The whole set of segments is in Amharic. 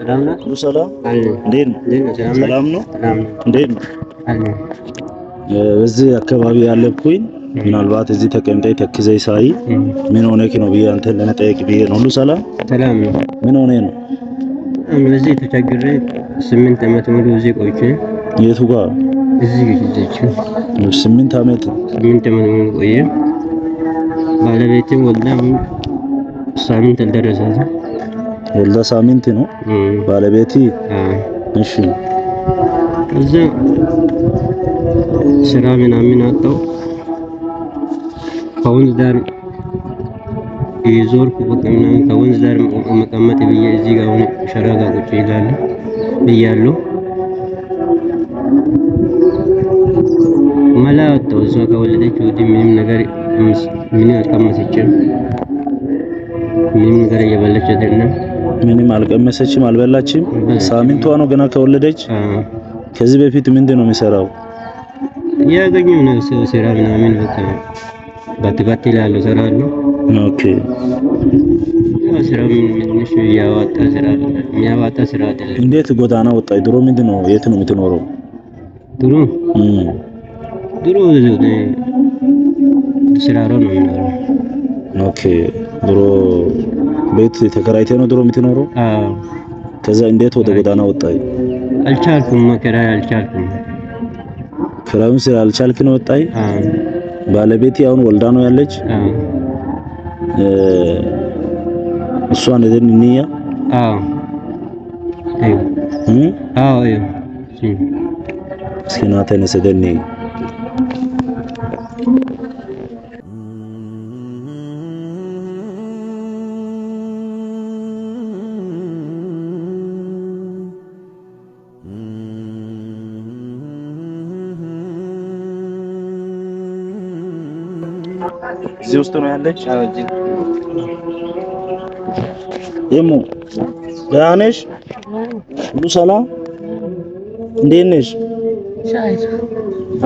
ሰላም ነው። ሰላም ነው። እንዴት ነው? እዚህ አካባቢ ያለብኩኝ ምናልባት እዚህ ተቀምጠይ ተክዘይ ሳይ ምን ሆነክ ነው ብዬ አንተን ለመጠየቅ ብዬ ነው። ሁሉ ሰላም ሰላም ነው። ምን ሆነ ነው? እዚህ ተቸግሬ ስምንት ዓመት ሙሉ እዚህ ቆይቼ የቱ ጋር እዚህ ስምንት ዓመት ስምንት ዓመት ሙሉ ቆየ። ባለቤቴም ወልዳ ሳምንት አልደረሳትም ወልዳ ሳምንት ነው ባለቤቴ። እሺ እዛ ስራ ምናምን አጣው። ከወንዝ ዳር የዞርኩ ቁጥር ምናምን ከወንዝ ዳር መቀመጥ ብዬ እዚህ ጋር አሁን ሸራ ጋር ቁጭ ይላል ብያለሁ። መላ አጣው። እሷ ከወለደች ወዲህ ምንም ነገር ምን አልቀመሰችም። ምንም ነገር እየበላች አይደለም። ምንም አልቀመሰችም፣ አልበላችም። ሳምንቷ ነው ገና ከወለደች። ከዚህ በፊት ምንድን ነው የሚሰራው? ያገኘው ነው ሰው ስራ ምናምን በቃ ባትባት ይላሉ ሰራሉ። ኦኬ እንዴት ጎዳና ወጣ? ድሮ ምንድን ነው የት ነው የምትኖረው? ድሮ ድሮ ስራሮ ነው የሚኖረው። ኦኬ ድሮ ቤት ተከራይተህ ነው ድሮ የምትኖረው? አዎ። ከዛ እንዴት ወደ ጎዳና ወጣኝ? አልቻልኩም፣ መከራይ አልቻልኩም። ክራዩን ስላልቻልክ ነው ወጣኝ? አዎ። ባለቤት አሁን ወልዳ ነው ያለች? አዎ። እሷን እደን እንያ? አዎ። አዎ። አዎ። እስኪ ና ተነስ እዚህ ውስጥ ነው ያለች። ይሙ ደህና ነሽ? ሁሉ ሰላም? እንዴት ነሽ?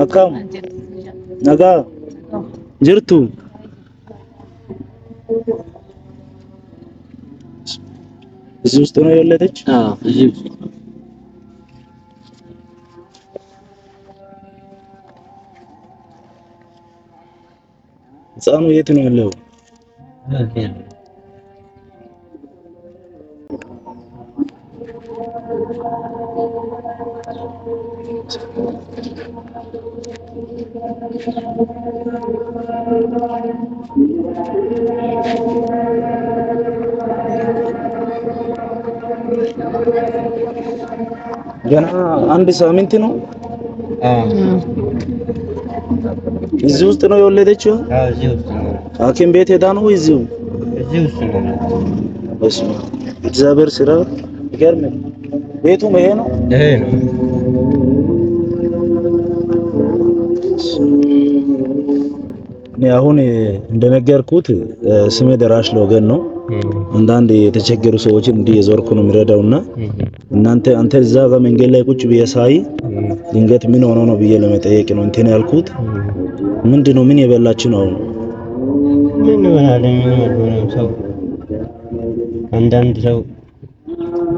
አካም ነጋ ጅርቱ እዚህ ውስጥ ነው የወለደች። ህፃኑ የት ነው ያለው? ገና አንድ ሳምንት ነው። እዚህ ውስጥ ነው የወለደችው? ሐኪም ቤት ሄዳ ነው እዚሁ እዚህ ውስጥ ነው። እግዚአብሔር ስራ ይገርም። ቤቱም ይሄ ነው ይሄ ነው። እኔ አሁን እንደነገርኩት ስሜ ደራሽ ለወገን ነው። አንዳንድ የተቸገሩ ሰዎችን እንዲህ የዞርኩ ነው የሚረዳውና እናንተ አንተ እዛ ጋር መንገድ ላይ ቁጭ ብዬ ሳይ ድንገት ምን ሆኖ ነው ብዬ ለመጠየቅ ነው እንትን ያልኩት። ምንድን ነው ምን የበላችሁ ነው? ምን እንበላለን? ምን ነው ሰው አንዳንድ ሰው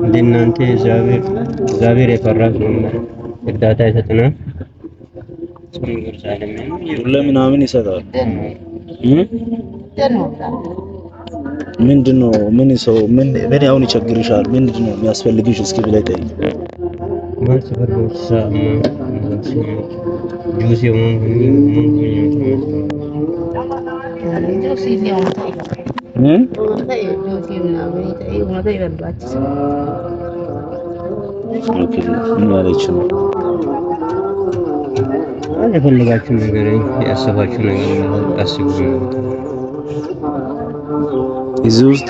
እንደናንተ እናንተ እግዚአብሔር የፈራ ነው እርዳታ ይሰጥናል። ሁሌ ምናምን ይሰጣል ምንድነው ምን ሰው ምን ምን አሁን ይቸግርሻል? ምንድነው የሚያስፈልግሽ? እስኪ ብለህ ጠይቅ። ምን ያለች ነው? የፈለጋችሁ ነገር ያሰባችሁ ነገር አስቡ። እዚህ ውስጥ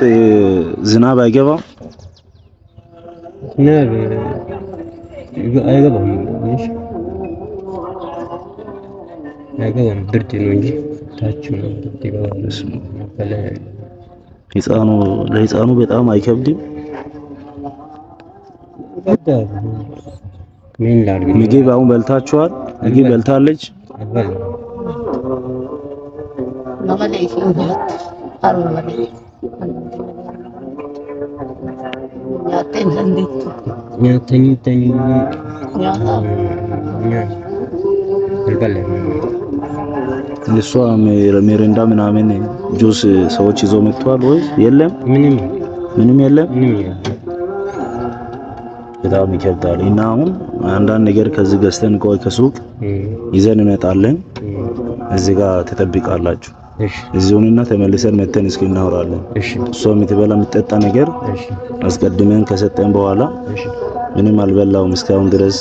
ዝናብ አይገባም፣ ዝናብ አይገባም፣ አይገባም። ብርድ ነው እንጂ ታች ነው ብርድ ይገባል። ህፃኑ ለህፃኑ በጣም አይከብድም። ምግብ አሁን በልታችኋል? ምግብ በልታለች። እሷ ሜሬንዳ ምናምን ጁስ ሰዎች ይዞ መጥተዋል ወይ? የለም፣ ምንም የለም። በጣም ይከብዳል። እና አሁን አንዳንድ ነገር ከዚህ ገዝተን ቆይ ከሱቅ ይዘን እንመጣለን። እዚህ ጋር ትጠብቃላችሁ። እዚሁንና ተመልሰን መተን እስኪ እናወራለን። እሷ የምትበላ የምትጠጣ ነገር አስቀድመን ከሰጠን በኋላ ምንም አልበላውም እስካሁን ድረስ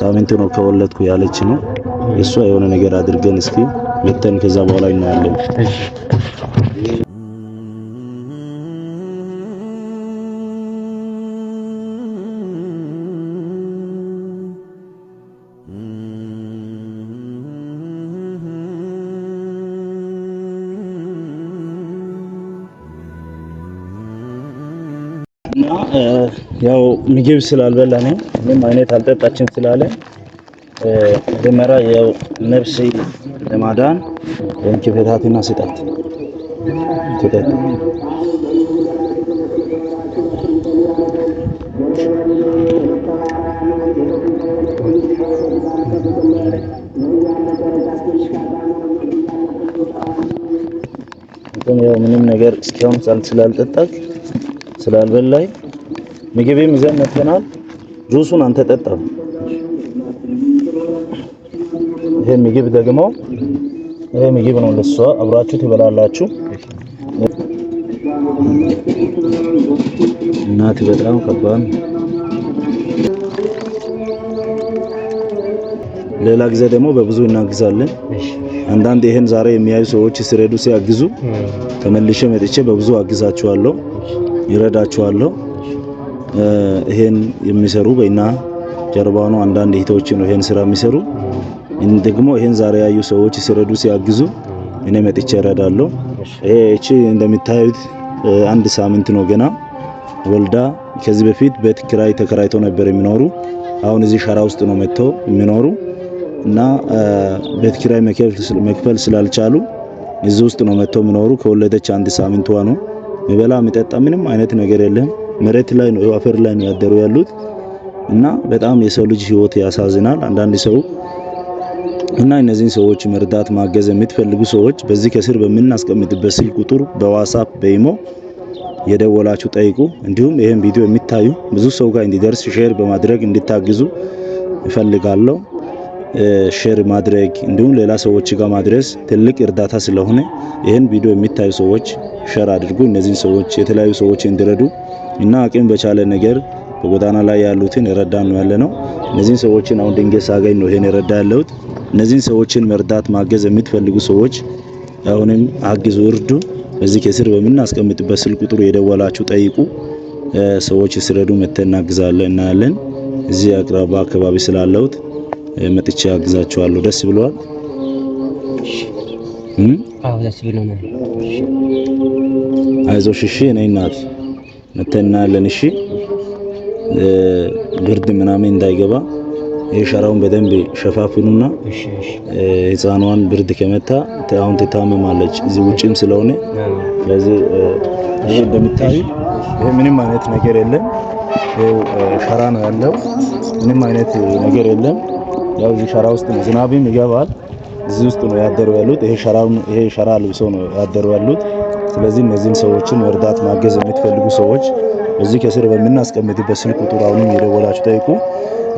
ሳምንት ነው ከወለድኩ ያለች ነው እሷ የሆነ ነገር አድርገን እስኪ መተን ከዛ በኋላ እናያለን። እና ያው ምግብ ስላልበላ ነው ምንም አይነት አልጠጣችን ስላለ መጀመሪያ ያው ነፍስ ለማዳን እንክብካቤና ስጣት ስጣት ምንም ነገር እስካሁን ስላልጠጣች ስላልበላኝ ምግብም ይዘን መጥተናል። ጁሱን አንተ ጠጣ። ይሄ ምግብ ደግሞ ይሄ ምግብ ነው ለሷ፣ አብራችሁ ትበላላችሁ። እናት በጣም ከባድ። ሌላ ጊዜ ደግሞ በብዙ እናግዛለን። አንዳንድ ይሄን ዛሬ የሚያዩ ሰዎች ሲረዱ ሲያግዙ ተመልሼ መጥቼ በብዙ አግዛችኋለሁ። ይረዳችኋለሁ። ይሄን የሚሰሩ በእና ጀርባ ነው። አንዳንድ እህቶች ነው ይሄን ስራ የሚሰሩ ደግሞ ይሄን ዛሬ ያዩ ሰዎች ሲረዱ ሲያግዙ እኔ መጥቼ እረዳለሁ። ይሄ እቺ እንደምታዩት አንድ ሳምንት ነው ገና ወልዳ። ከዚህ በፊት ቤት ኪራይ ተከራይቶ ነበር የሚኖሩ አሁን እዚህ ሸራ ውስጥ ነው መጥተው የሚኖሩ እና ቤት ኪራይ መክፈል ስላልቻሉ እዚህ ውስጥ ነው መጥተው የሚኖሩ። ከወለደች አንድ ሳምንቷ ነው። መበላ መጠጣ ምንም አይነት ነገር የለም። መሬት ላይ ነው አፈር ላይ ነው ያደሩ ያሉት እና በጣም የሰው ልጅ ህይወት ያሳዝናል። አንዳንድ ሰው እና እነዚህን ሰዎች መርዳት ማገዝ የምትፈልጉ ሰዎች በዚህ ከስር በምናስቀምጥበት ስልክ ቁጥር በዋትስአፕ በኢሞ የደወላችሁ ጠይቁ። እንዲሁም ይህን ቪዲዮ የሚታዩ ብዙ ሰው ጋር እንዲደርስ ሼር በማድረግ እንድታግዙ እፈልጋለሁ። ሼር ማድረግ እንዲሁም ሌላ ሰዎች ጋር ማድረስ ትልቅ እርዳታ ስለሆነ ይህን ቪዲዮ የሚታዩ ሰዎች ሼር አድርጉ። እነዚህን ሰዎች የተለያዩ ሰዎች እንዲረዱ እና አቅም በቻለ ነገር በጎዳና ላይ ያሉትን እረዳ ነው ያለ ነው። እነዚህን ሰዎችን አሁን ድንገት ሳገኝ ነው ይሄን እረዳ ያለሁት። እነዚህን ሰዎችን መርዳት ማገዝ የምትፈልጉ ሰዎች አሁንም አግዙ፣ እርዱ። በዚህ ከስር በምናስቀምጥበት ስልክ ቁጥሩ የደወላችሁ ጠይቁ። ሰዎች ስረዱ፣ መተናግዛለን እናያለን። እዚህ አቅራባ አካባቢ ስላለሁት መጥቼ አግዛችኋለሁ። ደስ ብለዋል። አይዞሽ። እሺ እኔ እናት መተናለን። እሺ ብርድ ምናምን እንዳይገባ የሸራውን በደንብ ሸፋፍኑና ህፃኗን ብርድ ከመታ አሁን ትታመማለች። እዚህ ውጭም ስለሆነ ስለዚህ ይሄ እንደምታዩ ይሄ ምንም አይነት ነገር የለም። ሸራ ነው ያለው። ምንም አይነት ነገር የለም። ያው እዚህ ሸራ ውስጥ ነው፣ ዝናብም ይገባል። እዚህ ውስጥ ነው ያደሩ ያሉት። ይሄ ሸራውን ይሄ ሸራ ልብሶ ነው ያደሩ ያሉት። ስለዚህ እነዚህን ሰዎችን መርዳት ማገዝ የምትፈልጉ ሰዎች እዚህ ከስር በምናስቀምጥበት ስልክ ቁጥር አሁንም የደወላችሁ ጠይቁ።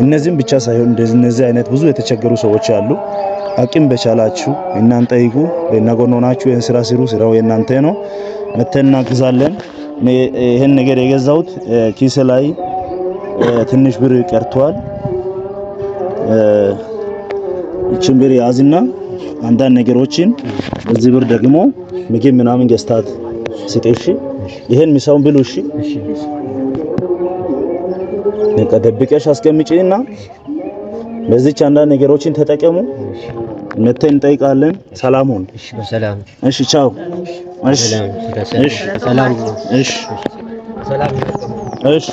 እነዚህም ብቻ ሳይሆን እንደዚህ አይነት ብዙ የተቸገሩ ሰዎች አሉ። አቅም በቻላችሁ እናን ጠይቁ። በእናጎን ሆናችሁ ይህን ስራ ስሩ። ስራው የእናንተ ነው። መተን እናግዛለን። ይህን ነገር የገዛሁት ኪስ ላይ ትንሽ ብር ቀርቷል። ይችን ብር ያዝና አንዳንድ ነገሮችን በዚህ ብር ደግሞ ምግብ ምናምን ገዝታት ስጥሽ። ይሄን ምሳውን ብሉ። እሺ በቃ ደብቀሽ አስቀምጪና በዚች አንዳንድ ነገሮችን ተጠቀሙ። መተን እንጠይቃለን። ሰላም ሁን። እሺ በሰላም እሺ፣ ቻው። እሺ እሺ፣ ሰላም እሺ፣ ሰላም እሺ